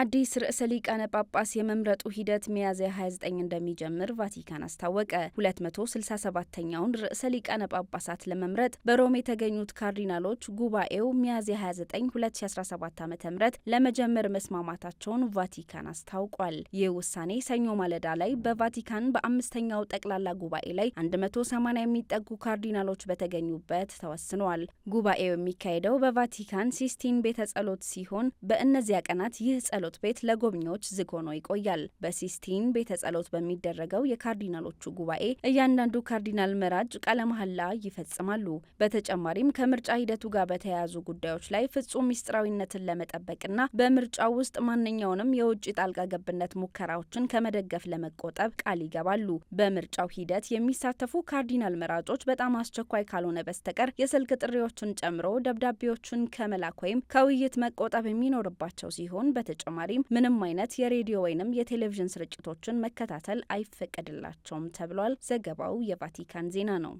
አዲስ ርዕሰ ሊቃነ ጳጳስ የመምረጡ ሂደት ሚያዝያ 29 እንደሚጀምር ቫቲካን አስታወቀ። 267ኛውን ርዕሰ ሊቃነ ጳጳሳት ለመምረጥ በሮም የተገኙት ካርዲናሎች ጉባኤው ሚያዝያ 29 2017 ዓ ም ለመጀመር መስማማታቸውን ቫቲካን አስታውቋል። ይህ ውሳኔ ሰኞ ማለዳ ላይ በቫቲካን በአምስተኛው ጠቅላላ ጉባኤ ላይ 180 የሚጠጉ ካርዲናሎች በተገኙበት ተወስኗል። ጉባኤው የሚካሄደው በቫቲካን ሲስቲን ቤተ ጸሎት ሲሆን በእነዚያ ቀናት ይህ ጸሎት ጸሎት ቤት ለጎብኚዎች ዝግ ሆኖ ይቆያል። በሲስቲን ቤተ ጸሎት በሚደረገው የካርዲናሎቹ ጉባኤ እያንዳንዱ ካርዲናል መራጭ ቃለ መሐላ ይፈጽማሉ። በተጨማሪም ከምርጫ ሂደቱ ጋር በተያያዙ ጉዳዮች ላይ ፍጹም ምስጢራዊነትን ለመጠበቅና በምርጫው ውስጥ ማንኛውንም የውጭ ጣልቃ ገብነት ሙከራዎችን ከመደገፍ ለመቆጠብ ቃል ይገባሉ። በምርጫው ሂደት የሚሳተፉ ካርዲናል መራጮች በጣም አስቸኳይ ካልሆነ በስተቀር የስልክ ጥሪዎችን ጨምሮ ደብዳቤዎችን ከመላክ ወይም ከውይይት መቆጠብ የሚኖርባቸው ሲሆን በተጨማ በተጨማሪም ምንም አይነት የሬዲዮ ወይንም የቴሌቪዥን ስርጭቶችን መከታተል አይፈቀድላቸውም ተብሏል። ዘገባው የቫቲካን ዜና ነው።